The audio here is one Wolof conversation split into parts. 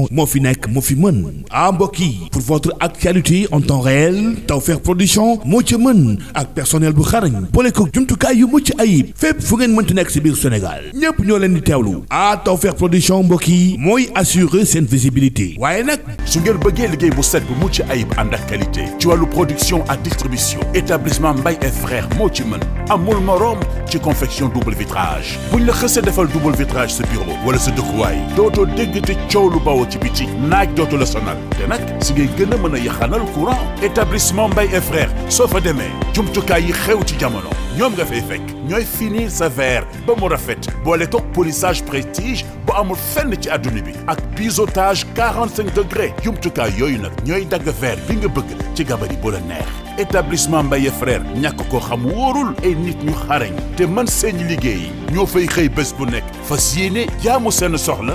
production moo fi nekk moo fi mën ah mbokk yi pour votre actualité en temps réel Tawfekh production moo ci mën ak personnel bu xarañ boole ko jumtukaay yu mucc ayib fépp fu ngeen mënti nekk si biir Sénégal ñépp ñoo leen di teewlu ah Tawfekh production mbokk yi mooy assurer seen visibilité waaye nag su ngeen bëggee liggéey bu set bu mucc ayib ànd ak qualité ci wàllu production ak distribution établissement Mbaye et frères moo ci mën amul morom ci confection double vitrage buñ la xësee defal double vitrage sa sa dëkkuwaay ci biti naaj dootu la sonal te nag si ngay gën a mën a yaxanal courant établissement Mbaye et frères soo fa demee jumtukaay yi xew ci jamono ñoom nga fay fekk ñooy finir sa verre ba mu rafet boole toog polissage prestige bu amul fenn ci adduna bi ak biseautage 45 degré jumtukaay yooyu nag ñooy dagg verre bi nga bëgg ci gabari bu la neex établissement Mbaye frère ñàkk koo xam wóorul ay nit ñu xarañ te mën seen liggéey ñoo fay xëy bés bu nekk fas yéene jaamu seen soxla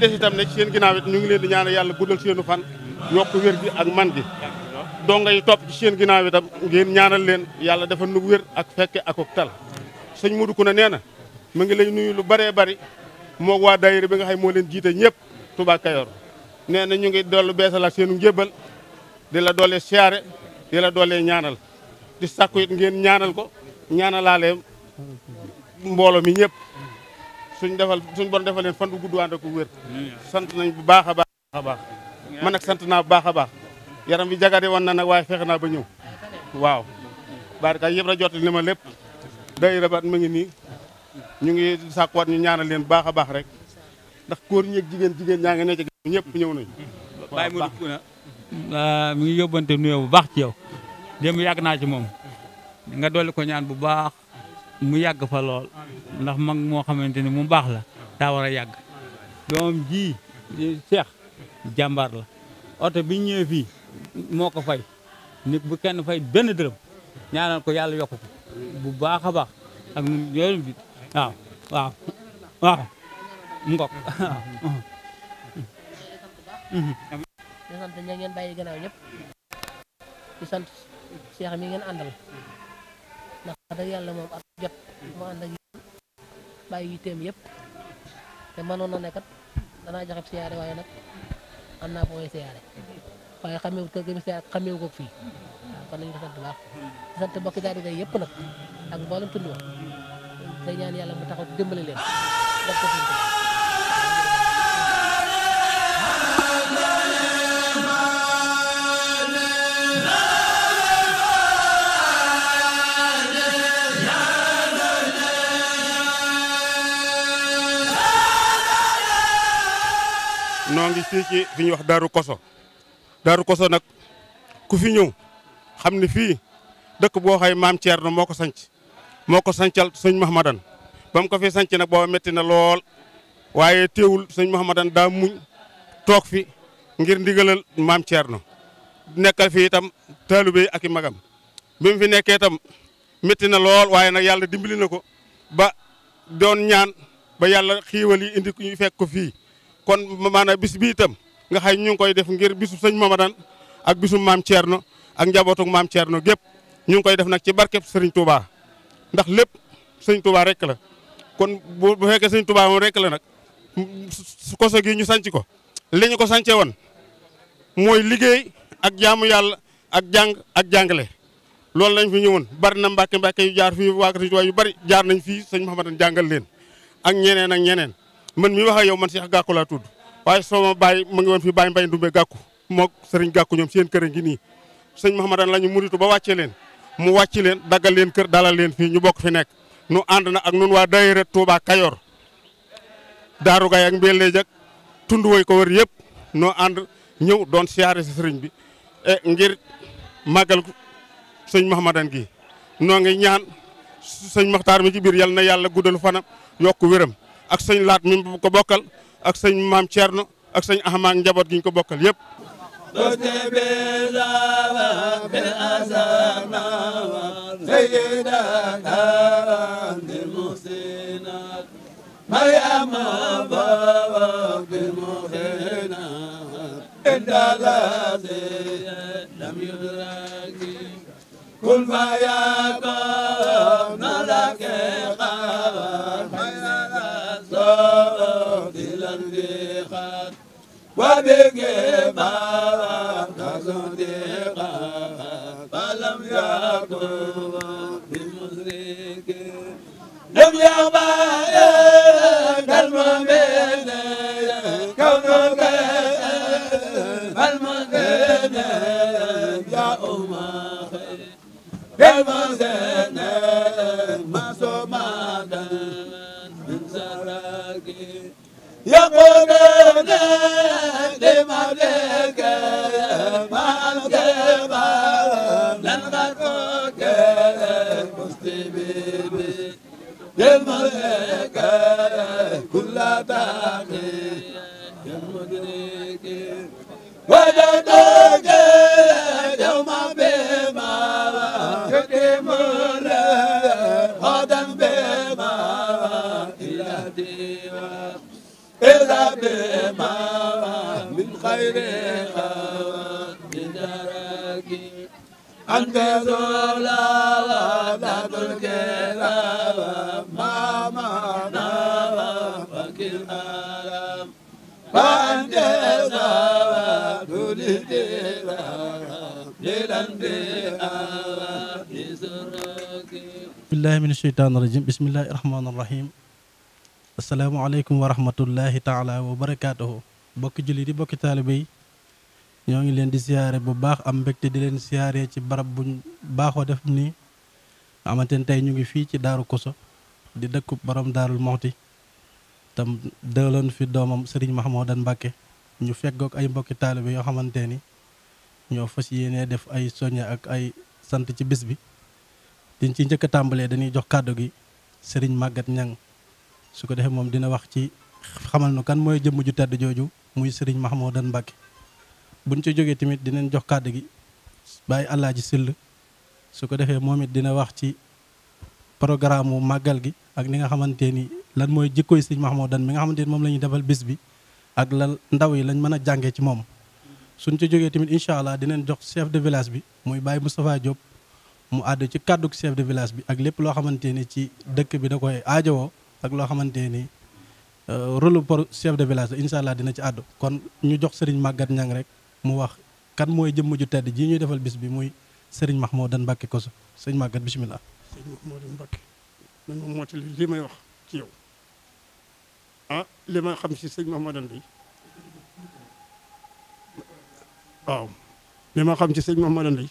des itam ne ci seen ginnaaw it ñu ngi leen di ñaanal yàlla guddal seenu fan yokk wér gi ak man gi donga yi topp ci seen ginnaaw itam ngeen ñaanal leen yàlla dafa nu wér ak fekke ak tal sëñ Modou Kouna nee na mu ngi lay nuyu lu bëree bëri moo waa daayira bi nga xam moo leen jiite ñëpp Touba Kayor nee na ñu ngi dollu beesal ak seenu njébal di la doolee siyaare di la doolee ñaanal di sàkku it ngeen ñaanal ko ñaanalaale mboolo mi ñëpp suñ defal suñ bon defal leen fan bu gudd ànd ak wér sant nañ bu baax a baax a baax man nag sant naa bu baax a baax yaram bi jagaade woon na nag waaye fexe naa ba ñëw waaw barka yëpp la jot li ma lépp day rabat ma ngi nii ñu ngi sàkkuwaat ñu ñaanal leen baax a baax rek ndax góor ñeeg jigéen jigéen ñaa ngi ne ci ñëpp ñëw nañ bàyyi mu ngi yóbbante nuyoo bu baax ci yow démb yàgg naa ci moom nga dolli ñaan bu baax mu yàgg fa lool ndax mag moo xamante ni mu baax la daa war a yàgg doom jii Cheikh jàmbaar la oto bi ñëwee fii moo ko fay ni bu kenn fay benn dërëm ñaanal ko yàlla yokk bu baax a baax ak ñun yooyu bi waaw waaw waaw ngok waaw ndax da yàlla moom ak jot mu ànd ak yitteem yëpp te mënoon na nekkat danaa joxe siyaare waaye nag am naa fooy siyaare waaye xamewu kër gi siyaare xamewu ko fii waaw kon nañu ko sant bu baax sant yëpp nag ak mboolem tund te ñaan yàlla mu taxaw dimbali leen noo ngi fii fi ñuy wax Daaru Koso Daaru Koso nag ku fi ñëw xam ne fii dëkk boo xay maam Thierno moo ko sanc moo ko sancal sëñ Mahamadan ba mu ko fi sanc nag booba metti na lool waaye teewul sëñ Mahamadan daa muñ toog fi ngir ndigalal maam Thierno nekkal fi itam taalube ak i magam bi fi nekkee itam metti na lool waaye nag yàlla dimbali na ko ba doon ñaan ba yàlla xiiwal yi indi ku ñu ko fii kon maanaam bis bi itam nga xay ñu ngi koy def ngir bisu sëñ Mamadan ak bisu maam Thierno ak njabootu maam Thierno gépp ñu ngi koy def nag ci barkeb sëriñ Touba ndax lépp sëñ Touba rek la kon bu bu fekkee sëñ Touba moom rek la nag koso ñu sanc ko li ko sancee woon mooy liggéey ak jaamu yàlla ak jàng ak jàngale loolu lañ fi ñëwoon bari na mbake mbàkke yu jaar fii waa sëñ bari jaar nañ fii sëñ Mamadan jàngal leen ak ñeneen ak ñeneen man mi wax ak yow man Cheikh Gakou laa tudd waaye sama baay mu ngi woon fi Baye Mbaye Ndoumbé Gakou mook Serigne Gakou ñoom seen kër a ngi nii sëñ Mahamadan la ñu muritu ba wàccee leen mu wàcc leen daggal leen kër dalal leen fii ñu bokk fi nekk nu ànd na ak nun waa daayira Touba Kayor Daaru Gaay ak Mbelle jak tund woy ko wër yépp noo ànd ñëw doon siyaare si sëriñ bi e ngir màggal sëñ Mahamadan gi noo ngi ñaan sëñ Maxtaar mi ci biir yal na yàlla guddal fanam yokk wéram ak sëñ laat mi ko bokkal ak sëñ maam Thierno ak sëñ Ahmad njaboot gi ko bokkal yëpp. كن فيكون ملاك وبك ما تصدق فلم يكن بمشرك لم يقبل كالمؤمن كونك المؤمن يا أمه كالمؤمن ما صمد يا قنادي أنت زولا وابد الكلام ما معنا فكر الألم فأنت زولا بسم الله من الشيطان الرجيم بسم الله الرحمن الرحيم السلام عليكم ورحمة الله تعالى وبركاته bokki julli di bokki taalibe yi ñoo ngi leen di siyaare bu baax am mbégte di leen siyaare ci barab buñ baaxoo def nii xamante tey ñu ngi fii ci Daaru Koso di dëkku borom Daarul Moxti tam dëloon fi doomam Serigne Mahmoudan Mbacke ñu feggoog ay mbokki taalibe yoo xamante ni ñoo fas yéenee def ay soññe ak ay sant ci bis bi diñ ci njëkk a tàmbalee dañuy jox kàddu gi Serigne Maguette Niang su ko defee moom dina wax ci xamal nu kan mooy jëmm ju tedd jooju muy sëriñ Mahmoudan Mbacke buñ ci jógee tamit dinañ jox kàddu gi bàyyi Alaaji Syll su ko defee moom it dina wax ci programme mu màggal gi ak ni nga xamante ni lan mooy jikkoy sëñ dan mi nga xamante ni moom la ñuy defal bis bi ak lan ndaw yi lañ mën a jàngee ci moom. suñ ci jógee tamit incha allah dinañ jox chef de village bi muy Baye Moustapha Diop mu àdd ci kàddu chef de village bi ak lépp loo xamante ni ci dëkk bi da koy aajowoo ak loo xamante ni Euh, rôle pour chef de village incha allah dina ci àddu kon ñu jox Serigne Maguette Niang rek mu wax kan mooy jëmm ju tedd jii ñuy defal bis bi muy Serigne Mahmoudan Mbacké Kosso sëñ Maguette bisimilah. sëñ Mahmoudan Mbacké man moom moo tax lii may wax ci yow ah li ma xam si sëñ Mahmoudan bi waaw li ma xam ci sëñ Mahmoudan bi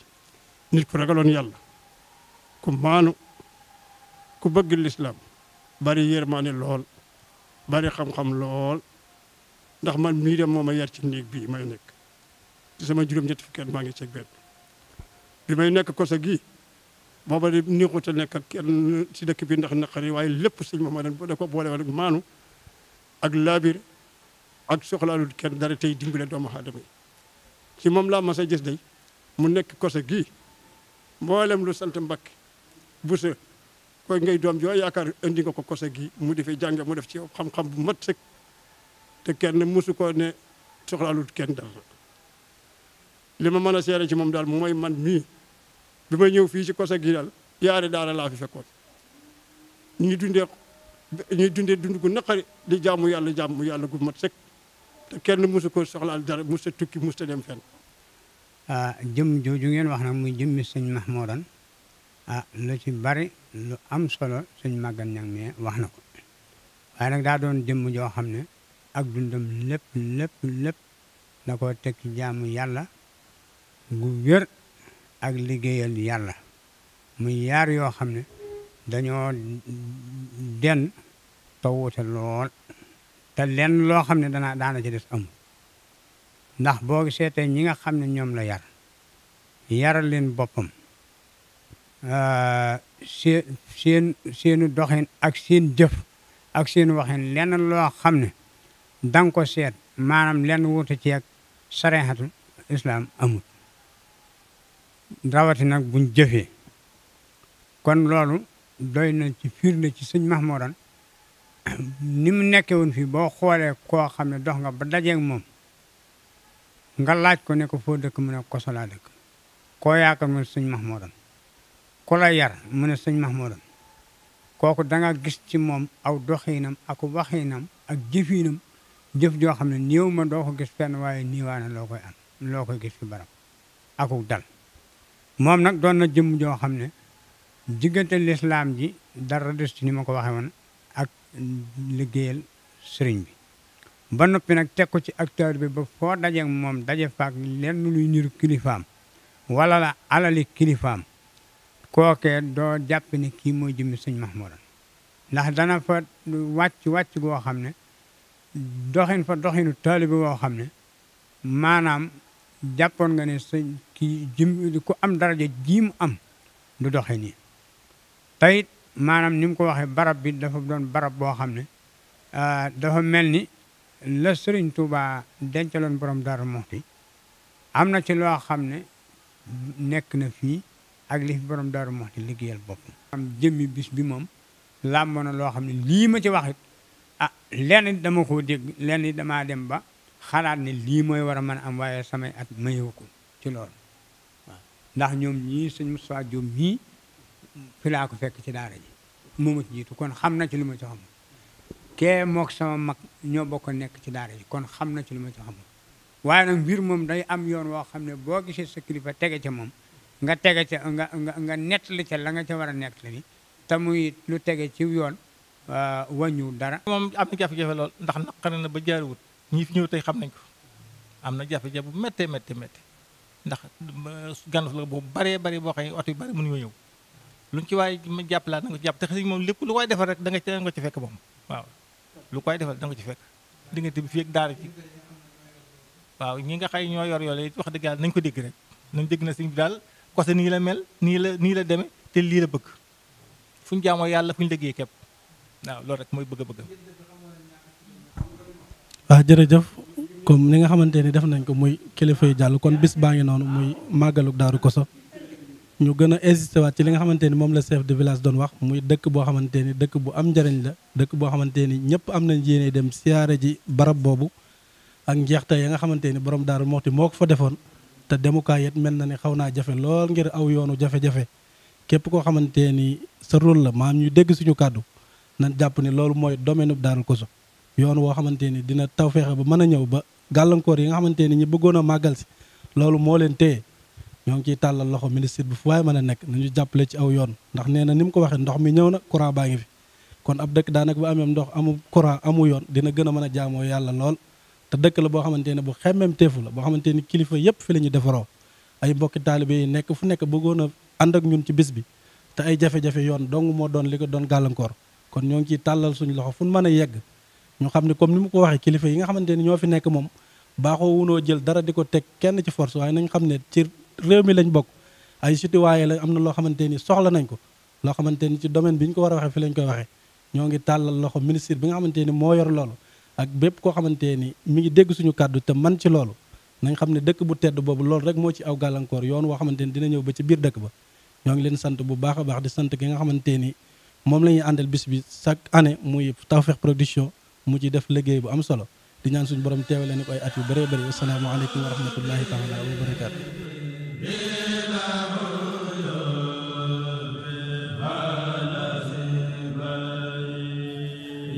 nit ku ragaloon yàlla ku maanu ku bëgg lislaam bari yërmaane lool. bari xam-xam lool ndax man mii dem moo ma yar ci néeg bii may nekk ci sama juróom-ñetti fukki at maa ngi ceeg benn bi may nekk kosa gi booba di neexut a nekk ak kenn ci dëkk bi ndax naqari waaye lépp sëñ ma ko boole woon ak maanu ak laabir ak soxlaalul kenn dara tey dimbale doomu aadama yi ci moom laa mas a mu nekk kosa gi mboolem lu sant Mbàkke bu koy ngay doom joo yaakaar indi nga ko kose gi mu di fi jànge mu def ci xam-xam bu mat sëkk te kenn musu ko ne soxlaalul kenn dara li ma mën a seere ci moom daal mooy man mii bi may ñëw fii ci kose gi daal yaari daara laa fi fekkoon ñu dundee ñu dundee dund gu naqari di jaamu yàlla jaamu yàlla gu mat sëkk te kenn musu ko soxlaal dara musta tukki musta dem fenn. ah jëm jooju ngeen wax na mu nag muy jëmmi sëñ Mahmoudan ah lu ci bari lu am solo suñ màggan ñang mi wax na ko waaye nag daa doon jëmm joo xam ne ak dundam lépp lépp lépp da koo teg jaamu yàlla gu wér ak liggéeyal yàlla muy yaar yoo xam ne dañoo den te wuute lool te lenn loo xam ne danaa daana ci des amul ndax boo gisee tey ñi nga xam ne ñoom la yar yaral leen boppam Euh, seen seen seenu doxin ak seen jëf ak seen waxin lenn loo xam ne da nga ko seet maanaam lenn wuute ci ak sarexatul islaam amul rawati nag buñ jëfe kon loolu doy na ci firnde ci sëñ Mahmoudan ni mu nekkee wun fii boo xoolee koo xam ne dox nga ba dajeeg moom nga laaj ko ne ko foo dëkk mu ne kosolaa dëkk koo yaakaar moom sëñ Mahmoudan ku la yar mu ne sëñ Mahmouda kooku danga gis ci moom aw doxiinam ak waxiinam ak jëfiinam jëf joo xam ne néew ma doo ko gis fenn waaye niiwaane loo koy am loo koy gis fi barab akuk dal moom nag doon na jëm joo xam ne jiggante lislaam ji dara des ci ni ma ko waxee woon ak liggéeyal sëriñ bi ba noppi nag teg ko ci acteur bi ba foo dajeeg moom daje faak lenn luy niru kilifaam wala la alali kilifaam kookee doo jàpp ne kii mooy jëmmi sëñ Mahmoudan ndax dana fa wàcc wàcc goo xam ne doxin fa doxinu taalibe woo xam ne maanaam jàppoon nga ne sëñ kii jëm ku am daraja jiim am du doxe nii tayit maanaam ni mu ko waxee barab bi dafa doon barab boo xam ne ah, dafa mel ni la sëriñ Tuubaa dencaloon borom dara Daaru Muxti am na ci loo xam ne nekk na fii ak li fi borom daaru moo di liggéeyal boppam. am jëmmi bis bi moom làmb na loo xam ne lii ma ci waxit ah lenn dama koo dégg lenn damaa dem ba xalaat ne lii mooy war a mën am waaye samay at mayewu ko ci loolu ndax ñoom ñii sëñ Moussa Diop mii fi laa ko fekk ci daara ji mooma ci jiitu kon xam na ci lu ma ci xam kee mook sama mag ñoo bokk nekk ci daara ji kon xam na ci lu ma ci xam waaye nag mbir moom day am yoon woo xam ne boo gisee sa kilifa tege ca moom nga tege ca nga nga nga nettali ca la nga ca war a nettali te muy lu tege ci yoon uh, wàññiwul dara. moom am na jafe-jafe lool ndax naqare na ba jaaruwut ñii fi ñëw tey xam nañ ko am na jafe-jafe bu méttee méttee méttee ndax uh, gànnaaw la boobu baree bari boo xam ne oto yu bari mënuñoo ñëw luñ ci waaye laa na nga ko jàpp te xëy moom lépp lu koy defal rek da nga ci da nga ci fekk moom waaw lu koy defal da nga ci fekk diggante bi fii ak daara ci waaw ñi nga xay ñoo yor yoole wax dëgg yàlla nañ ko dégg rek nañ na sëñ bi côté nii la mel nii la nii la demee te lii la bëgg fu ñu jaamoo yàlla fu ñu déggee kepp waaw loolu rek mooy bëgg bëgg waaw jërëjëf comme ni nga xamante ni def nañ ko muy kilifa yi jàll kon bis baa ngi noonu muy màggaluk Daaru Koso ñu gën a insisté waat ci li nga xamante ni moom la chef de village doon wax muy dëkk boo xamante ni dëkk bu am njëriñ la dëkk boo xamante ni ñëpp am nañ yéene dem siyaare ji barab boobu ak njeexte ya nga xamante ni borom Daaru Muxti moo ko fa defoon te demukaay it mel na ne xaw naa jafe lool ngir aw yoonu jafe-jafe képp koo xamante ni sa rôle la maam ñu dégg suñu kàddu nan jàpp ni loolu mooy domaine bu Daaru Koso yoon woo xamante ni dina taw feexe ba mën a ñëw ba gàllankoor yi nga xamante ni ñi bëggoon a màggal si loolu moo leen téye ñoo ngi ciy tàllal loxo ministre bi fu waaye mën a nekk nañu jàppale ci aw yoon ndax nee na ni mu ko waxee ndox mi ñëw na courant baa ngi fi kon ab dëkk daanak ba amee ndox amu courant amu yoon dina gën a mën a jaamoo yàlla lool te dëkk la boo xamante ne bu xemmem teefu la boo xamante ni kilifa yëpp fi la ñu defaroo ay mbokki taalibe yi nekk fu nekk bëggoon a ànd ak ñun ci bis bi te ay jafe-jafe yoon dong moo doon li ko doon gàllankoor kon ñoo ngi ciy tàllal suñu loxo fu ñu mën a yegg ñu xam ne comme ni mu ko waxee kilifa yi nga xamante ni ñoo fi nekk moom baaxoo wunoo jël dara di ko teg kenn ci force waaye nañ xam ne ci réew mi lañ bokk ay citoyen la am na loo xamante ni soxla nañ ko loo xamante ni ci domaine bi ñu ko war a waxee fi lañ koy waxee ñoo ngi tàllal loxo ministre bi nga xamante ni moo yor loolu ak bépp koo xamante ni mi ngi dégg suñu kàddu te man ci loolu nañ xam ne dëkk bu tedd boobu loolu rek moo ci aw gàllankoor yoon woo xamante ni dina ñëw ba ci biir dëkk ba ñoo ngi leen sant bu baax a baax di sant ki nga xamante ni moom la ñuy àndal bis bi chaque année muy Tawfekh Production mu ci def liggéey bu am solo di ñaan suñu borom teewale ni ko ay at yu bëree bëri asalaamaaleykum wa rahmatullahi taala wa barakaatu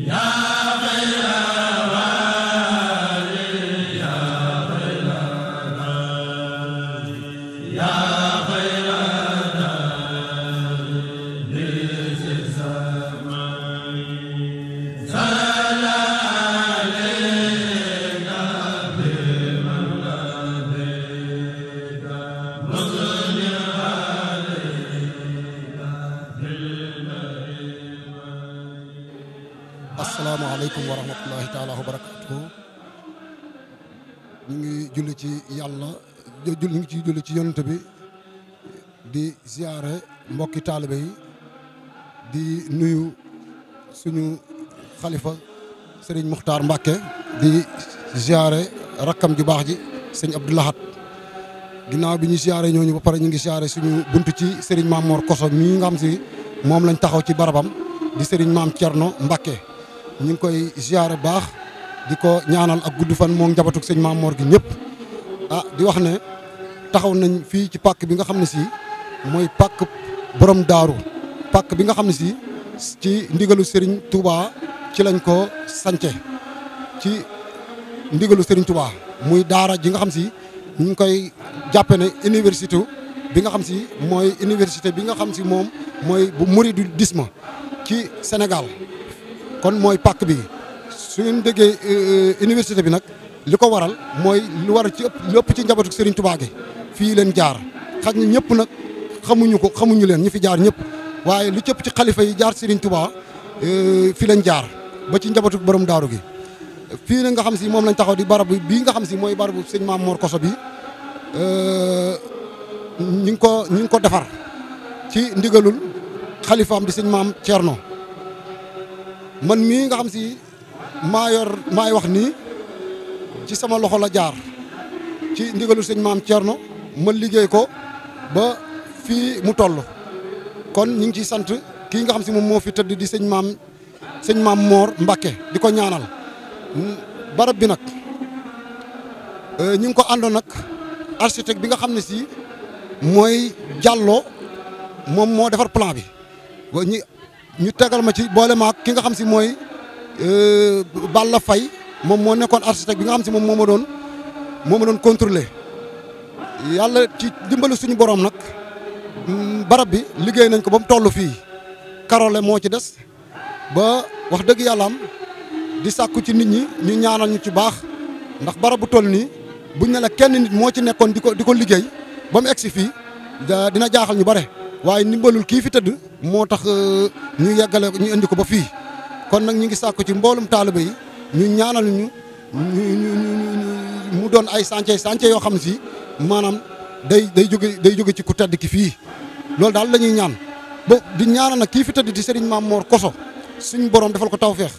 yaa asalaamaaleykum wa rahmatullahi taala wa ñu ngi julli ci yàlla ñu ngi ci julli ci yonent bi di ziare mbokki taalibe yi di nuyu suñu xalifa sëriñ Muxtaar Mbàkke di ziare rakkam ju baax ji sëñ Abdou Lahad ginnaaw bi ñu ziare ñooñu ba pare ñu ngi ziare suñu bunt ci sëriñ Maam Mor Koso mii nga xam si moom lañ taxaw ci barabam di sëriñ Maam Cerno Mbàkke ñu ngi koy ziare baax di ko ñaanal ak gudd fan moom njabatuk sëñ Maam Moor gi ñëpp ah di wax ne taxaw nañ fii ci pàkk bi nga xam ne si mooy pàkk borom daaru pàkk bi nga xam ne si ci ndigalu Serigne Touba ci lañ ko sance ci ndigalu Serigne Touba muy daara ji nga xam si ñu ngi koy jàppe ne université bi nga xam si mooy université bi nga xam si moom mooy bu muridisme ci Sénégal kon mooy pàkk bi su ngeen déggee euh, euh, université bi nag li ko waral mooy lu war ci ëpp lu ëpp ci njabootu Serigne Touba gi fii leen jaar xaj na ñëpp nag xamuñu ko xamuñu leen ñu fi jaar ñëpp waaye lu cëpp ci xalifa yi jaar Serigne Touba euh, fi leen jaar ba ci njabootu borom daaru gi. fii nag nga xam si moom lañ taxaw di barabu bii nga xam si mooy barabu sëñ Maam Mor Koso bi ñu ngi ko ñu ngi ko defar ci ndigalul xalifaam di sëñ Maam Thierno. man mii nga xam si maa yor maay wax nii ci sama loxo la jaar ci ndigalu sëñ maam Thierno ma liggéey ko ba fii mu toll kon ñu ngi ciy sant kii nga xam si moom moo fi tëdd di sëñ maam sëñ maam Mor Mbacke di ko ñaanal barab bi nag euh, ñu ngi ko àndoon nag architecte bi nga xam ne si mooy jàlloo moom moo defar plan bi ñu tegal ma ci boole ma ak ki nga xam si mooy euh, la Faye moom moo nekkoon architecte bi nga xam si moom moo ma doon moo ma doon contrôler yàlla ci dimbali suñu boroom nag mm, barab bi liggéey nañ ko ba mu toll fii karole moo ci des ba wax dëgg yàlla am di sàkku ci nit ñi ñu ñaanal ñu ci baax ndax barab bu toll nii buñ ne la kenn nit moo ci nekkoon di ko di ko liggéey ba mu egsi fii dina jaaxal ñu bare. waaye ndimbalul kii fi tëdd moo tax euh, ñu yeggale ñu indi ko ba fii kon nag ñu ngi sàkku ci mboolum taaliba yi ñu ñaanal ñu mu doon ay sance sance yoo xam si maanaam day day jóge day jóge ci ku tedd ki fii loolu daal la ñaan ba di ñaanal na kii fi tëdd di Serigne Mame Mor koso suñu borom defal ko tawféex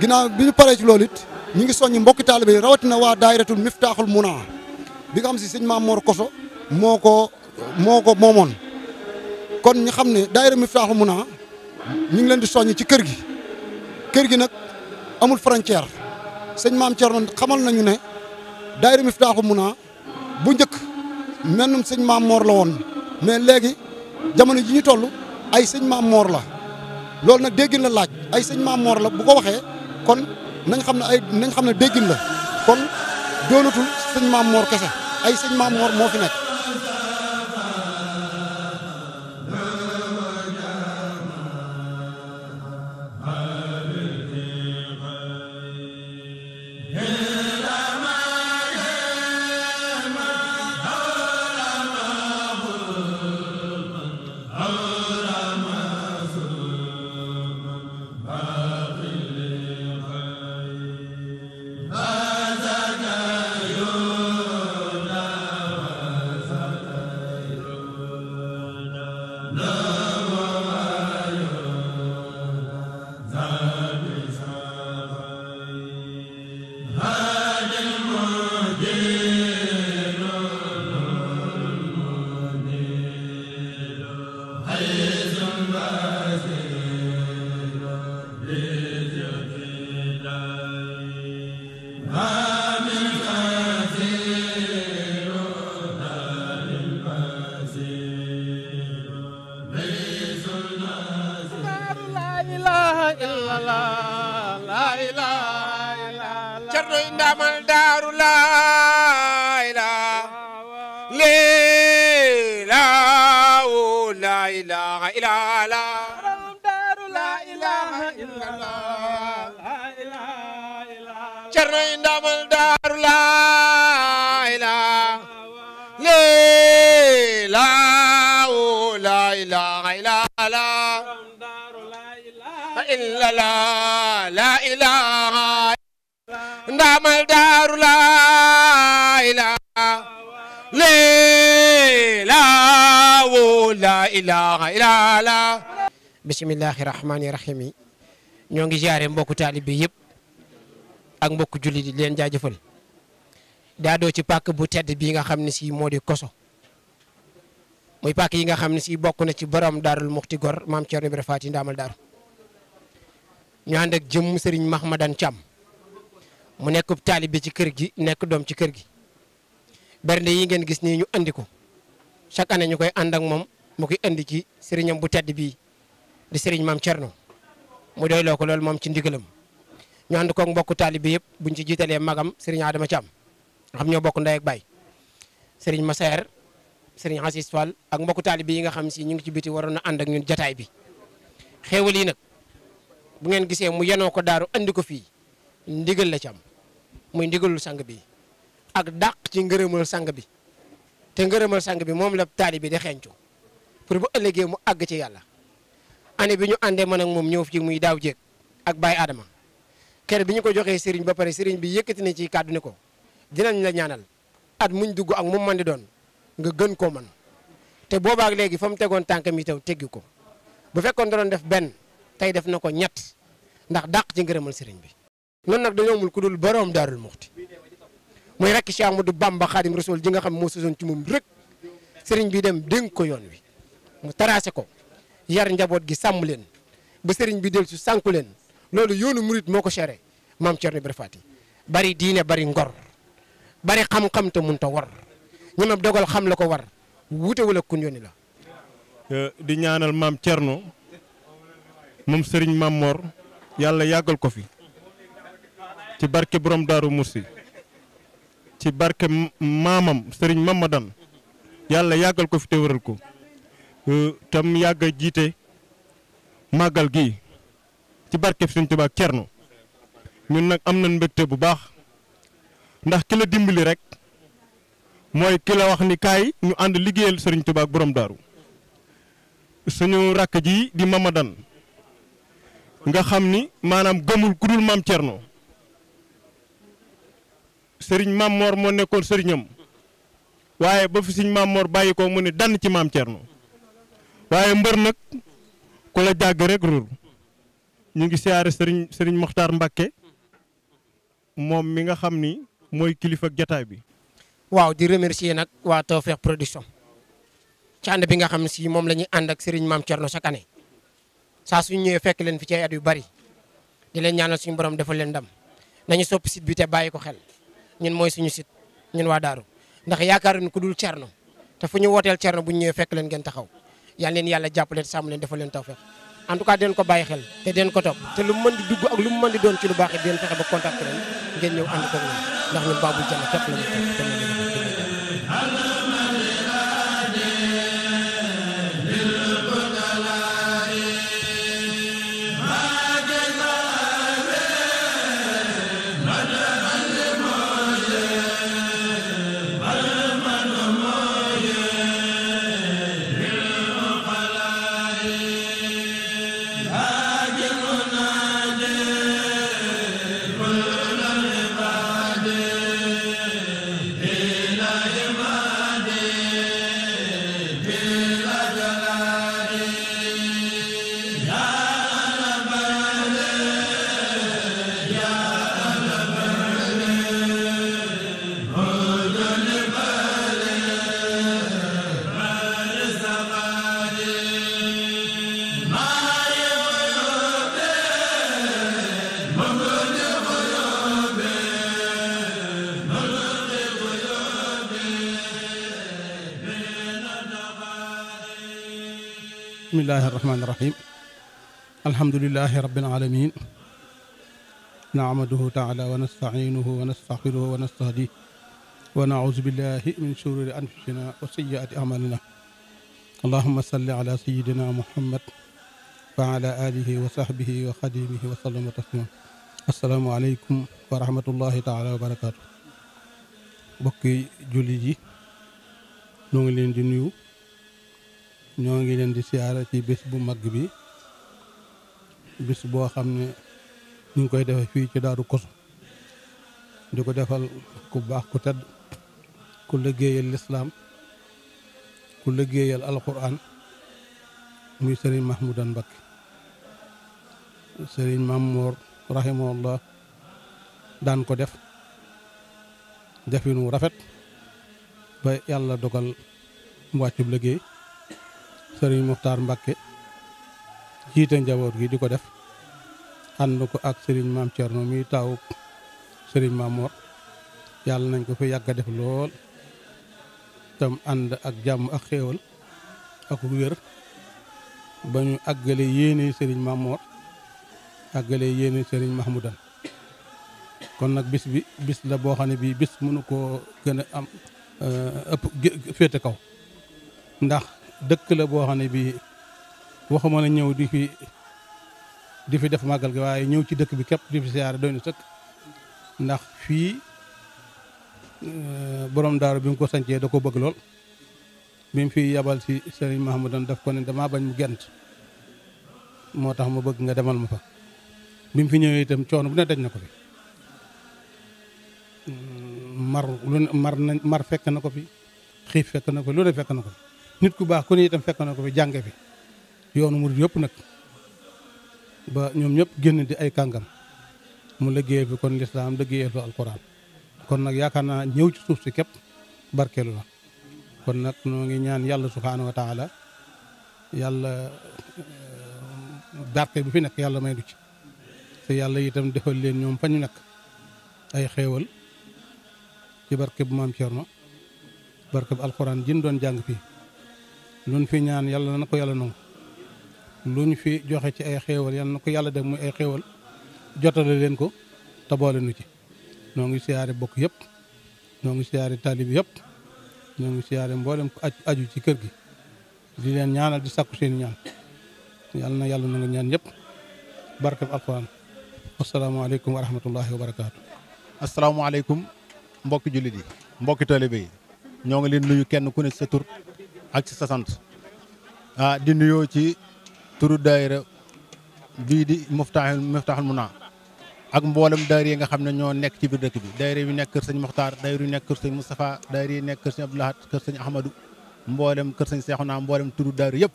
ginnaaw bi ñu paree ci loolu it ñu ngi soññi mbokki taaliba yi rawatina waa daayiratul Miftaaxul Muna bi nga xam si sëñ maam Mor koso moo ko moo ko moomoon. kon ñu xam ne daayira mun Muna ñu ngi leen di soññ ci kër gi kër gi nag amul frontière sëñ maam Thierno xamal nañu ne daayira Miftahul Muna bu njëkk mennum sëñ maam moor la woon mais léegi jamono ji ñu toll ay sëñ maam Mor la loolu nag déggin la laaj ay sëñ maam moor la bu ko waxee kon nañ xam ne ay nañ xam ne déggin la kon doonatul sëñ maam moor kese ay sëñ maam Mor moo fi nekk. إلا لا لا إله ندام الدار لا إله لا لا إله إلا لا بسم الله الرحمن الرحيم ngi jaare mbokku taalibe yëpp ak mbokku jullit yi leen jaajëfal daadoo ci pàkk bu tedd bii nga xam ne si moo di koso muy pàkk yi nga xam ne si bokk na ci borom daarul muxti gor maam Thierno Ibrahima Faty ndaamal daaru ñu ànd ak jëm sëriñ Mahmadan Thiam mu nekk taalibe ci kër gi nekk doom ci kër gi bernde yi ngeen gis nii ñu andi ko chaque année ñu koy ànd ak moom mu koy andi ci sëriñam bu tedd bii di sëriñ maam Thierno mu doyloo ko loolu moom ci ndigalam ñu ànd koog mbokku taalibe yëpp buñ ci jiitalee magam sëriñ Adama Thiam xam ñoo bokk ndey ak bay sëriñ Massaer sëriñ Assis Fall ak mbokku taalibe yi nga xam si ñu ngi ci biti waroon a ànd ak ñun jataay bi xéewal yi nag. bu ngeen gisee mu yenoo ko daaru andi ko fii ndigal la ci am muy ndigalul sang bi ak dàq ci ngërëmal sang bi te ngërëmal sang bi moom la taalibe bi xeen xeeñcu pur bu ëllëgee mu àgg ci yàlla année bi ñu àndee man ak moom ñëw fi muy daaw jéeg ak baay Adama kere bi ñu ko joxee sëriñ ba pare sëriñ bi yëkkati na ci kàddu ko dinañ la ñaanal at muñ dugg ak mu man di doon nga gën koo man te boobaak léegi fa mu tegoon tànkam itam teggi ko bu fekkoon doon def benn tey def na ko ñett ndax dàq ci ngërëmal sëriñ bi noonu nag dañoo amul ku dul boroom daarul muxti muy rekk Cheikh Amadou Bamba Xaadim Rasul ji nga xam moo sosoon ci moom rek sëriñ bi dem dénk ko yoon wi mu tracé ko yar njaboot gi sàmm leen ba sëriñ bi del su sànku leen loolu yoonu murit moo ko chéré maam Thierno Ibrahima Fati bari diine bari ngor bari xam-xam te munta war ñemam dogal xam la ko war wuute wala kun yooni la di ñaanal maam Thierno moom Serigne Mamor yàlla yàggal ko fi ci barke borom Daaru Mursi ci barke maamam Serigne Mamadan yàlla yàggal ko fi te wëral ko tam yàgg jiite màggal gi ci barke Sëriñ Tuubaa Cerno ñun nag am nañ mbégte bu baax ndax ki la dimbali rek mooy ki la wax ni kaay ñu ànd liggéeyal Sëriñ Tuubaa ak borom daaru suñu rakk ji di Mamadan nga xam ni maanaam gëmul ku dul maam Thierno sëriñ maam Mor moo nekkoon sëriñam waaye ba fi maam Mor bàyyi ko mu ne dann ci maam Thierno waaye mbër nag ku la jàgg rek ruur ñu ngi siyaare sëriñ sëriñ Mokhtar Mbacke moom mi nga xam ni mooy kilifa jataay bi. waaw di remercier nag waa Tawfekh Production ci ànd bi nga xam si moom la ñuy ànd ak sëriñ maam Thierno chaque année saa suñu ñëwee fekk leen fi ci ay at yu bari di leen ñaanal suñu borom defal leen dam nañu sopp site bi te bàyyi ko xel ñun mooy suñu site ñun waa daaru ndax yaakaaruñu ku dul cerno te fu ñu wooteel cerno bu ñu ñëwee fekk leen ngeen taxaw yal leen yàlla jàppale sàmm leen defal leen tawfeex en tout cas den ko bàyyi xel te deen ko topp te lu mu mën di dugg ak lu mu mën di doon ci lu baax it den fexe ba contact leen ngeen ñëw ànd ko ndax ñu rahmaani rahiim alhamdulilahi rabbil aalamiin nahmaduhu taala wa nastaciinuhu wa nastaxfiruhu wa nastahdiih wa nacuudu billahi min shuruuri anfusinaa wa sayyiaati acmaalinaa allahumma salli alaa sayyidinaa Muhammad wa alaa aalihi wa saxbihi wa xadiimihi wa sallama tasliiman assalaamu aleykum wa rahmatullahi taala wa barakaatu bokki jullit yi noo ngi leen di nuyu ñoo ngi leen di siyaara ci bés bu mag bi bis boo xam ne ñu ngi koy defe fii ci daadu kosu di ko defal ku baax ku tedd ku liggéeyal lislaam ku liggéeyal alquran muy sëriñ mahmudan mbakki sëriñ mamoor rahimahullah daan ko def definu rafet ba yàlla dogal mu wàccub liggéey sëriñ Muxtaar Mbakke jiite njaboot gi di ko def ànd ko ak sëriñ maam Thierno mi taaw sëriñ maam Mor yàlla nañ ko fi yàgg def lool tam ànd ak jàmm ak xéewal ak wér ba ñu àggale yéene sëriñ maam Mor àggale yéene sëriñ Mahmoudan kon nag bis bi bis la boo xam ne bii bis mënu koo gën a am euh, ëpp féete kaw ndax dëkk la boo xam ne bii waxuma na ñëw di fi di fi def màggal gi waaye ñëw ci dëkk bi képp di fi siyaare doy na sëkk ndax fii euh, borom daaru bi mu ko sancee da ko bëgg lool bi mu fi yabal si ma sëriñ Mahamadan daf ko ne damaa bañ mu gent moo tax mu bëgg nga demal ma fa bi mu fi ñëwee itam coono bu ne dañ na ko fi mm, mar lu mar mar fekk na ko fi xiif fekk na ko lu ne fekk na ko fi nit ku baax ku ne itam fekk na ko fi jànge fi yoonu murid yëpp nag ba ñoom ñëpp génn di ay kàngam mu liggéeyal fi kon lislaam liggéeyal fi alquran kon nag yaakaar naa ñëw ci suuf si képp barkeelu la kon nag noo ngi ñaan yàlla subhaanahu wa yàlla eh, barke bi fi nekk yàlla may du ci te yàlla itam defal leen ñoom fa ñu nekk ay xéewal ci barke bu maam Cerno barke bu alquran jin doon jàng fii luñ fi ñaan yàlla na na ko yàlla nangu luñ fi joxe ci ay xéewal yàlla na ko yàlla dem muy ay xéewal jotale leen ko te boole nu ci ñoo ngi siyaare bokk yëpp ñoo ngi siyaare taalib yëpp ñoo ngi siyaare mboolem aju ci kër gi di leen ñaanal di sakku seen ñaan yàlla na yàlla na nga ñaan yëpp barke bi alquran asalaamaaleykum wa wa barakaatu. asalaamaaleykum mbokki jullit yi mbokki taalibe yi ñoo ngi leen nuyu kenn ku ne sa tur ak ci sa sant ah di nuyoo ci turu daayira bii di Muftaaxul mu Muna ak mboolem daayira yi nga xam ne ñoo nekk ci biir dëkk bi daayira yu nekk kër sëñ Muxtaar daayira yu nekk kër sëñ Moustapha daayira yu nekk kër sëñ Abdoulahat kër sëñ Ahmadou mboolem kër sañ sëñ naa mboolem turu daayira yëpp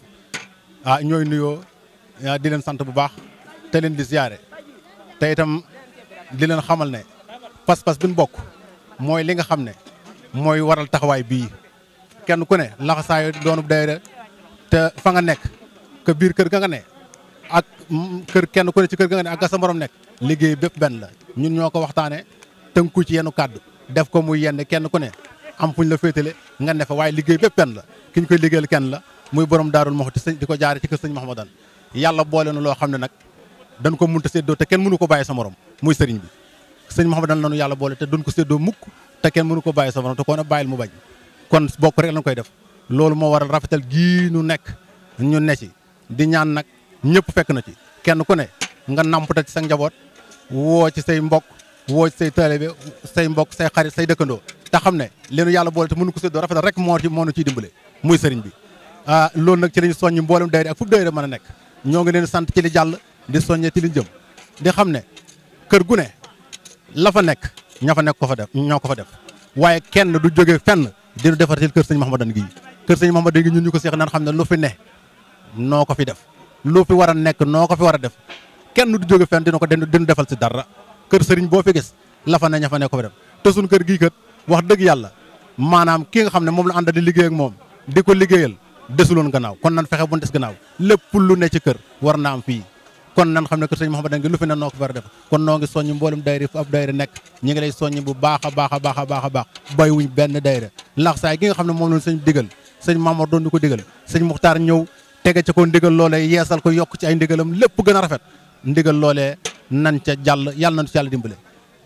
ah ñooy nuyoo ah, di leen sant bu baax te leen di ziyaare te itam di leen xamal ne pas-pas bi ñu bokk mooy li nga xam ne mooy waral taxawaay bii kenn ku ne laxasaayu doonub daayira te fa nga nekk que biir kër ga nga ne ak kër kenn ku ne ci kër ga nga ne ak ga sa morom nekk liggéey bépp benn la ñun ñoo ko waxtaane tënku ci yenn kàddu def ko muy yenn kenn ku ne am fuñ la féetale nga ne fa waaye liggéey bépp benn la ki ñu koy liggéeyal kenn la muy borom daarul Muxti sëñ di ko jaare ci kër sëñ Mahamadan yàlla boole na loo xam ne nag dañ ko mënta séddoo te kenn mënu ko bàyyi sa morom muy sëriñ bi sëñ Mahamadan lanu yàlla boole te duñ ko séddoo mukk te mënu ko bàyyi sa morom te koo ne bàyyil mu bañ kon bokk rek lañ koy def loolu moo waral rafetal gii nu nekk ñu ne ci di ñaan nag ñëpp fekk na ci kenn ku ne nga nampta ci sa njaboot woo ci say mbokk woo ci say taalibe say mbokk say xarit say dëkkandoo te xam ne leenu yàlla boole te mënu ko séddoo rafetal rek moo ci moo nu ciy dimbale muy sëriñ bi ah loolu nag ci lañu soññ mboolem dayre ak fu dayre mën a nekk ñoo ngi leen sant ci li jàll di soññee ci li jëm di xam ne kër gu ne la fa nekk ña fa nekk ko fa def ñoo ko fa def waaye kenn du jóge fenn dinu defartil kër sëñ Mahamadan gi kër sëñ Mahamadan gi ñun ñu ko seex naan xam ne lu fi ne noo ko fi def lu fi war a nekk noo ko fi war a def kenn du jóge fenn dina ko dinu defal si dara kër sëriñ boo fi gis la fa ne ña fa ne ko fi def te kër gii kat wax dëgg yàlla maanaam ki nga xam ne moom la ànda di liggéey ak moom di ko liggéeyal desuloon gannaaw kon nan fexe bu des gannaaw lépp lu ne ci kër war na am fii kon nan xam ne que sëñ Mouhamadou ngi lu fi ne noo ko far def kon noo ngi soññ mboolum dayre fu ab dayre nekk ñi ngi lay soññ bu baax a baax a baax a baax a baax bay wuñ benn dayre lax saay gi nga xam ne moom la sëñ digal sëñ Mamour doon di ko digal sëñ Muxtaar ñëw tege ca ko ndigal loolee yeesal ko yokk ci ay ndigalam lépp gën a rafet ndigal loolee nan ca jàll yàlla nañu ci yàlla dimbale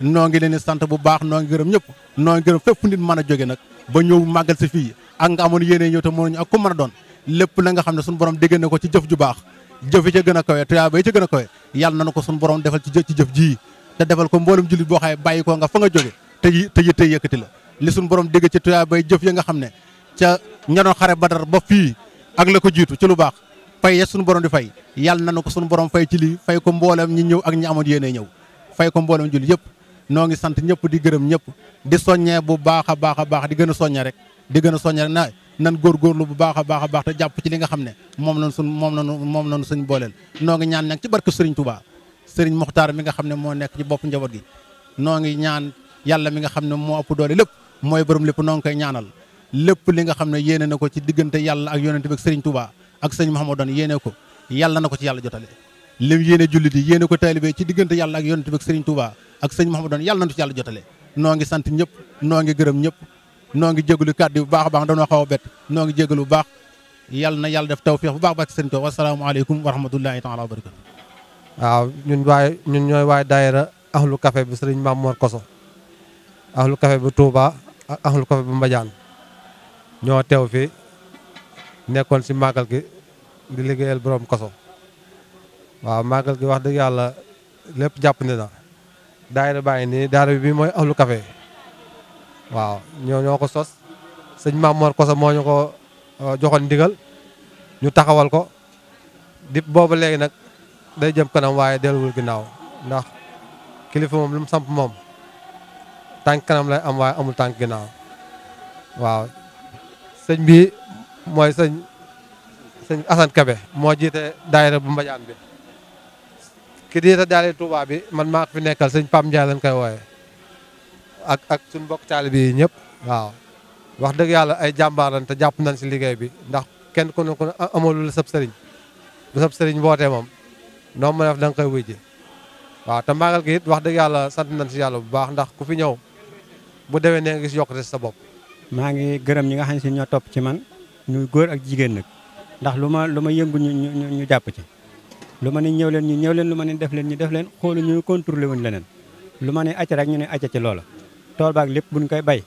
noo ngi leen di sant bu baax noo ngi gërëm ñëpp noo ngi gërëm fépp nit mën a jóge nag ba ñëw màggal si fii ak nga amoon yéene ñëw te mënuñu ak ku mën a doon lépp la nga xam ne suñu borom dégg na ko ci jëf ju baax jëf yi ca gën a kawe tuyaaba yi ca gën a kawe yàlla nanu ko suñu borom defal ci ci jëf ji te defal ko mboolum jullit boo xaye bàyyi ko nga fa nga jóge te tey tey yëkkati la li suñu borom dégg ci tuyaaba yi jëf ya nga xam ne ca ña doon ba badar ba fii ak la ko jiitu ci lu baax fay ya suñu borom di fay yàlla nanu ko suñu borom fay ci lii fay ko mboolem ñi ñëw ak ñi amoon yéene ñëw fay ko mboolem jullit yëpp noo ngi sant ñëpp di gërëm ñëpp di soññee bu baax a baax a baax di gën a soññee rek di gën a soññee rek nan góorgóorlu bu baax a baax a baax te jàpp ci li nga xam ne moom lañ suñ moom lañ moom lañ suñ booleel noo ngi ñaan nag ci barke Serigne Touba Serigne Mokhtar mi nga xam ne moo nekk ci bopp njaboot gi noo ngi ñaan yàlla mi nga xam ne moo ëpp doole lépp mooy borom lépp noo ngi koy ñaanal lépp li nga xam ne yéene na ko ci diggante yàlla ak yonent bi ak Serigne Touba ak sëñ Mouhamadou yéene ko yàlla na ko ci yàlla jotale lim yéene jullit yi yéene ko taalibe ci diggante yàlla ak yonent bi ak Serigne Touba ak sëñ Mouhamadou yàlla na ko ci yàlla jotale noo ngi sant ñëpp noo ngi gërëm ñëpp noo ngi jégalu kàddu bu baax a baax dañoo xaw a bett noo ngi jégalu bu baax yàlla na yàlla def tawfeex bu baax ba ci seen kaw wasalaamaaleykum wa rahmatullahi taala wa waaw ñun waay ñun ñooy waay daayira ahlu café bi sëriñ Mamour Koso ahlu café bu tuuba ak ahlu café bu Mbadiane ñoo teew fi nekkoon si màggal gi di liggéeyal borom Koso waaw màggal gi wax dëgg yàlla lépp jàpp ne na daayira bàyyi nii daayira bi mooy ahlu café waaw ñoo ñoo ko sos sëñ Mamor Koso moo ñu ko uh, joxoon ndigal ñu taxawal ko dip boobu léegi nag day jëm kanam waaye delluwul ginnaaw ndax kilifa moom lu samp moom tànk kanam lay am waaye amul tànk ginnaaw waaw sëñ bi mooy sëñ sëñ Assane Kebe moo jiite daayira bu Mbadiane bi ki jiite daayira Touba bi man maa fi nekkal sëñ Pam Ndiaye lañ koy wooye ak ak suñu mbokk taalibe yi ñëpp waaw wax dëgg yàlla ay jàmbaar te jàpp nañ si liggéey bi ndax kenn ku ne ku ne amalu la sab sëriñ bu sab sëriñ bootee moom noonu ma def da nga koy wujji waaw te màggal gi it wax dëgg yàlla sant nañ si yàlla bu baax ndax ku fi ñëw bu dewee nee nga gis yokkute si sa bopp maa ngi gërëm ñi nga xam ne si ñoo topp ci man ñuy góor ak jigéen nag ndax lu ma lu ma yëngu ñu ñu jàpp ci lu ma ne ñëw leen ñu ñëw leen lu ma ne def leen ñu def leen xoolu ñu contrôlé wuñ leneen lu ma ne acca rek ñu ne acca ci loola tool baag lépp bu buñ koy bay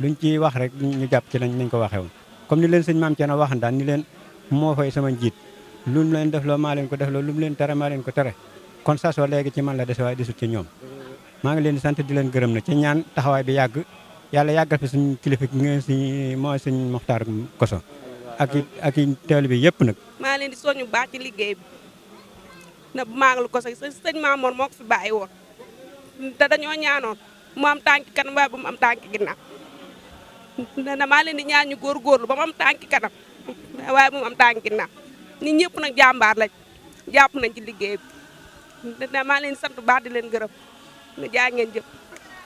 luñ ci wax rek ñu jàpp ci lañ nañ ko waxee woon comme ni leen sëñ maam Thierno waxan daan ni leen moo fay sama njiit lu mu leen def loo maa leen ko def loo lu mu leen tere maa leen ko tere kon sasoo léegi ci man la des waaye desut ci ñoom maa ngi leen di sant di leen gërëm na ci ñaan taxawaay bi yàgg yàlla yàggal fi suñu kilifa gi ngeen si mooy suñ Moxtaar Koso ak i ak i teel bi yëpp nag maa leen di soñu baax ci liggéey ko fi bàyyi woon te dañoo ñaanoon mu am tànki kanam waaye bu mu am tànki ginnaaw na maa leen di ñaan ñu góorgóorlu ba mu am tànki kanam waaye bu mu am tànki ginnaaw nit ñëpp nag jàmbaar lañ jàpp nañ ci liggéey bi na maa leen sant baax di leen gërëm na jaa ngeen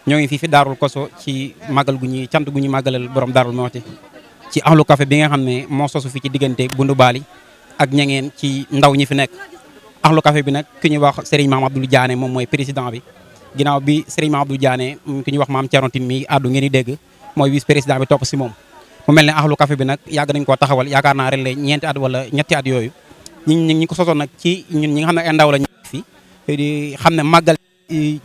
ñoo ngi fii fi daarul koso ci màggal gu ñuy cant gu ñuy màggalal borom daarul Mawti ci allu kafe bi nga xam ne moo sosu fi ci diggante bundu baali ak ñangeen ci ndaw ñi fi nekk ahlu kafe bi nag ki ñuy wax Serigne Maam Abdoul Diané moom mooy président bi ginnaaw bi Serigne Abdou jaanee mm, ki ñuy wax maam Thierno Tine mi addu ngeen di dégg mooy vice président bi topp si moom mu mel ne axlu café bi nag yàgg nañ koo taxawal yaakaar naa ren la ñeenti wala ñetti at yooyu ñi ñi ngi ko sosoon ci ñun ñi nga xam ne ndaw la ñu xam ne màggal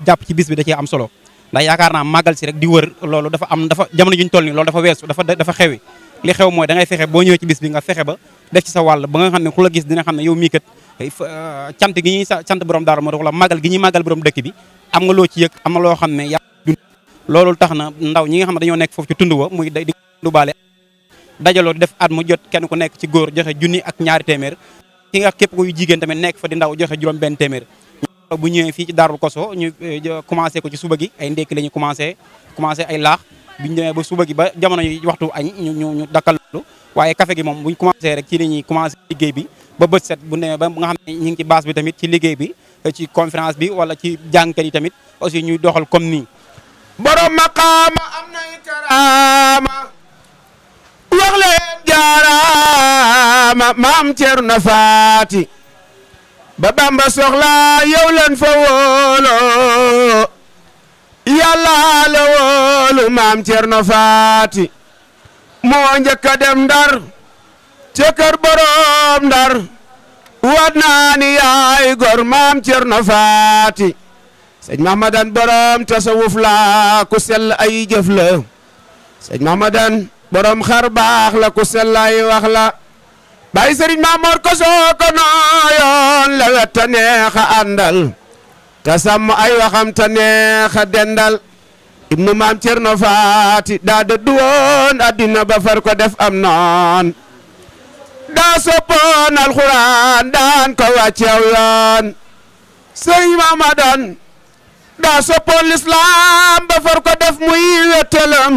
jàpp ci bis bi da cee am solo ndax yaakaar naa màggal si rek di wër loolu dafa am dafa jamono juñ toll nii loolu dafa weesu dafa dafa xewi li xew mooy da ngay fexe boo ñëwee ci bis bi nga fexe ba def ci sa wàll ba nga xam ne ku la gis dina xam ne yow mii kat cant gi ñuy sant borom daaru moo tax wala màggal gi ñuy màggal borom dëkk bi am nga loo ci yëg am nga loo xam ne yàq dund loolu tax na ndaw ñi nga xam ne dañoo nekk foofu ci tund wa muy di tund baale dajaloo di def at mu jot kenn ku nekk ci góor joxe junni ak ñaari téeméer ki nga képp kuy jigéen tamit nekk fa di ndaw joxe juróom benn téeméer bu ñëwee fii ci daarul koso ñu eh, commencé ko ci suba gi ay ndékki lañu ñu commencé commencé ay laax biñu demee ba suba gi ba jamono yi waxtu añ ñu ñu waaye café gi moom buñ commencé rek ci la ñuy commencé liggéey bi ba bët set bu demee ne ñu ngi ci base bi tamit ci liggéey bi ci conférence bi wala ci jàngkat yi tamit aussi ñuy doxal comme nii borom maqaama am na karaama wax leen jaaraama maam ceeru na faati ba bamba soxla yow leen fa wóolo yàlla la wóolu maam ceeru na faati moo njëkk a dem ndar ca kër ndar waat naa gor maam Cerno Faati sëñ Mahmadan borom tasawuf la ku ay jëf la Mahmadan borom xar baax la ay wax bay sëriñ Maamoor Koso ko nooyoon la wet ta neexa àndal te sàmm ay waxam ta neexa dendal ibnu maam cerno faati daa dëddu addina ba def am daa soppoon alxuraan daan ko wàccew yoon sëriñ maamadan daa soppoon lislaam ba def muy wettelam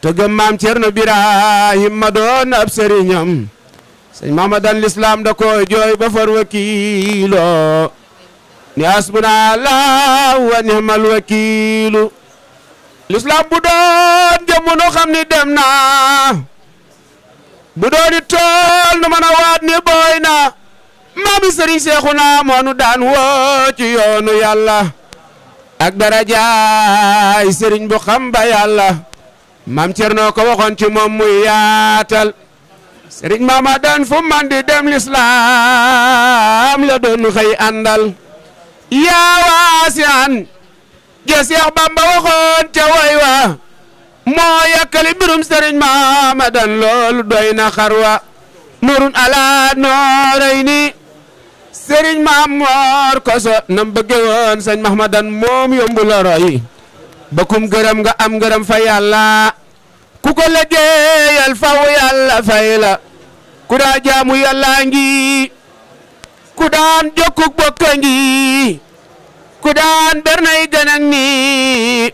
te gëm cerno birahim ma doon ab sëriñam lislaam da jooy ba wakiilo ni asbuna allah wa ni'mal wakiilu lislaam bu doon jëmm nu xam ni dem na bu dooni tool nu mën a waat ni booy na maami sëriñ Seexuna moo nu daan woo ci yoonu yàlla ak darajaay sëriñ bu xam ba yàlla maam Cerno ko waxoon ci moom muy yaatal sëriñ maama daan fu man di dem lislaam la doon xëy àndal yaa waasiyaan ja Seex Bamba waxoon ca wa moo yàkkali mbirum sëriñ Maamadan loolu doy na xarwa nurun ala noorayni sëriñ Mahmadan moom yombu bakum gërëm nga am gërëm fa yàlla ku ko liggéeyal faw yàlla fay ku daa jaamu yàlla ku daan jokkuk bokka ku daan bernay ganang ni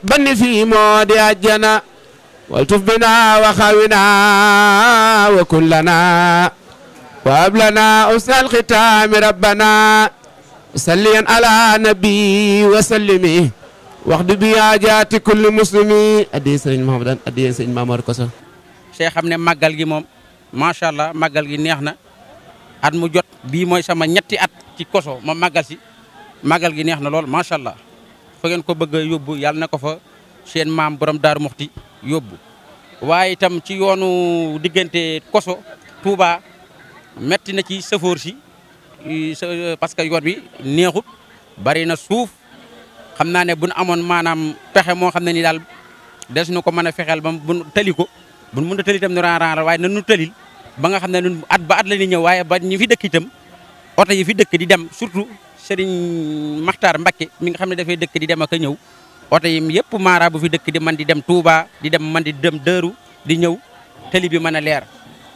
banni fii moo di ajjana bina wa xawina wa wa ablana usnal xitaami rabbana salliyan ala nabi wa waxtu bi aajaati kulli muslimi addi sëriñ Muhammadan addi Koso see xam ne màggal gi moom macha allah màggal gi neex na at mu jot bii mooy sama ñetti at ci koso ma màggal si màggal gi neex na lool macha allah fa ngeen ko bëgg a yóbbu yàlla na ko fa seen maam borom daaru muxti yóbbu waaye itam ci yoonu diggante koso Touba metti na ci sëfoor si parce que yoon bi neexut bari na suuf xam naa ne bu nu amoon maanaam pexe moo xam ne ni daal des na ko mën a fexeel ba bu tëli ko bu mun a tali tam nu ran waaye nan nu talil ba nga xam ne nun at ba at la ñuy ñëw waaye ba ñu fi dëkk itam oto yi fi dëkk di dem surtout Serigne Makhtar Mbacké mi nga xam ne dafay dëkk di dem ak a ñëw oto yi yëpp maara bu fi dëkk di man di dem Touba di dem man di dem Dëru di ñëw tali bi mën a leer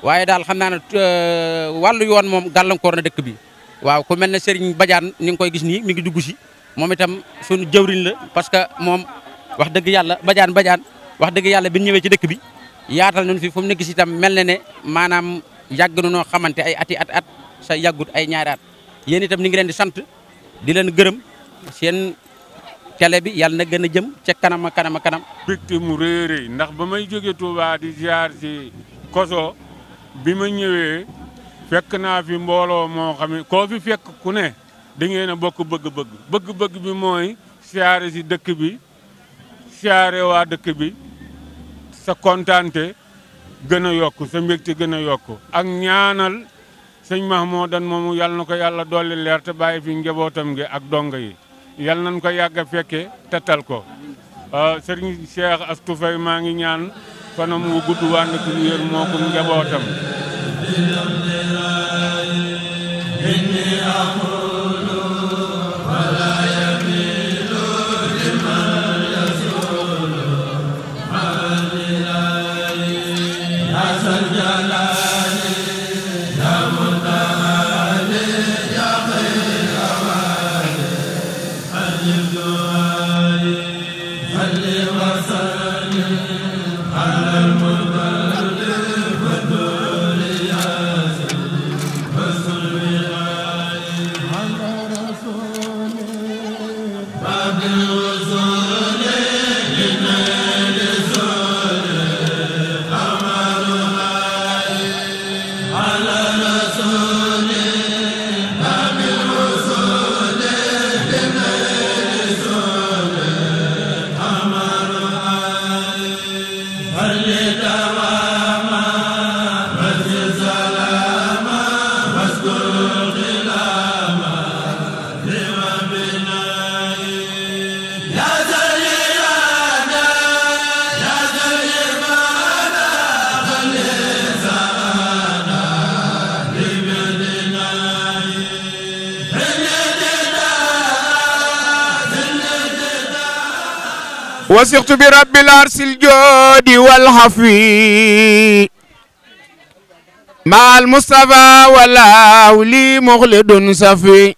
waaye daal xam naa ne euh, wàllu yoon moom gàllankoor na dëkk bi waaw ku mel ne Serigne Badiane ni nga koy gis nii mi ngi dugg si moom itam suñu jëwriñ la parce que moom wax dëgg yàlla bajaan Badiane wax dëgg yàlla bi ñëwee ci dëkk bi yaatal nañu fi fu na gis itam mel na ne maanaam yàgg na noo xamante ay ati at at sa yàggut ay ñaari di leen gërëm seen télé bi yàlla na gën a jëm ca kanam a kanam a kanam. mbégte mu réeréy ndax ba may jóge Touba di ziar ci koso bi ma ñëwee fekk naa fi mbooloo moo xam ne koo fi fekk ku ne da ngeen a bokk bëgg-bëgg bëgg bi mooy siyaare si dëkk bi siyaare waa dëkk bi sa kontaante gën a yokk sa mbégte gën a yokk ak ñaanal. sëñ Mahmoudan moomu yal na ko yàlla dolli leerte te bàyyi fi njabootam gi ak dongo yi yal nañ ko yàgg a fekke te tal ko euh, sëriñ Cheikh Astou maa ngi ñaan fanam wu gudd wànd ku wér moo ko njabootam وثقت برب العرش الجود والحفي مع المصطفى ولا لي مخلد صفي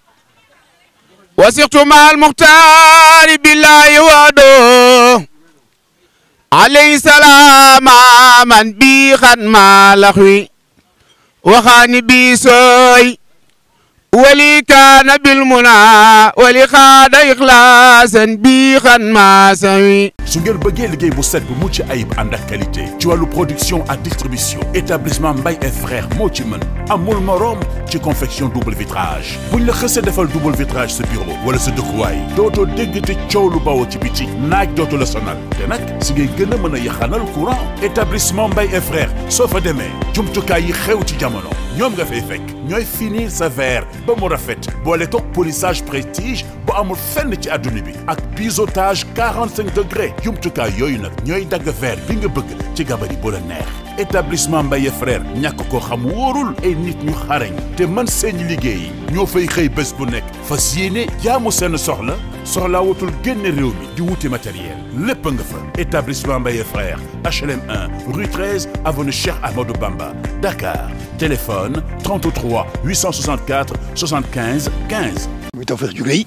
وثقت مع المختار بالله وحده عليه السلام من بي خد ما لخوي وخاني بي سوي ولي كان بالمنى ولي خاد إخلاصا بيخا ما سوي su ngeen bëggee liggéey bu set bu ci ayib ànd ak ci wàllu production ak distribution établissement Mbaye et frères moo ci mën amul morom ci confection double vitrage buñ la xësee defal double vitrage sa bureau wala sa dëkkuwaay dootoo dégg te coow lu bawoo ci biti naaj dootu la sonal te nag si ngay gën a mën a yaxanal courant établissement Mbaye et frères soo fa demee jumtukaay yi xew ci jamono ñoom nga fay fekk ñooy finir sa verre ba mu rafet boole toog polissage prestige bu amul fenn ci adduna bi ak biseautage 45 degrés jumtukaay yooyu nag ñooy dagg verre bi nga bëgg ci gabari bu la neex établissement Mbaye frère ñàkk ko xam wóorul ay nit ñu xarañ te man seen liggéey yi ñoo fay xëy bés bu nekk fas ne jaamu seen soxla soxlaa wutul génn réew mi di wuti matériel lépp nga fa établissement Mbaye frère HLM 1 rue 13 avenue Cheikh Amadou Bamba Dakar téléphone 33 864 75 15. muy Tawfekh jugee.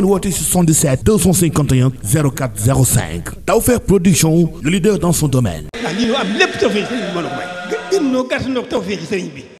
ngeen woote 77 251 04 05 Tawfekh Production le leader dans son domaine. Ah, am lépp tawfeex sëriñ bi mën a may. gën noo gàtt noo tawfeex sëriñ bi.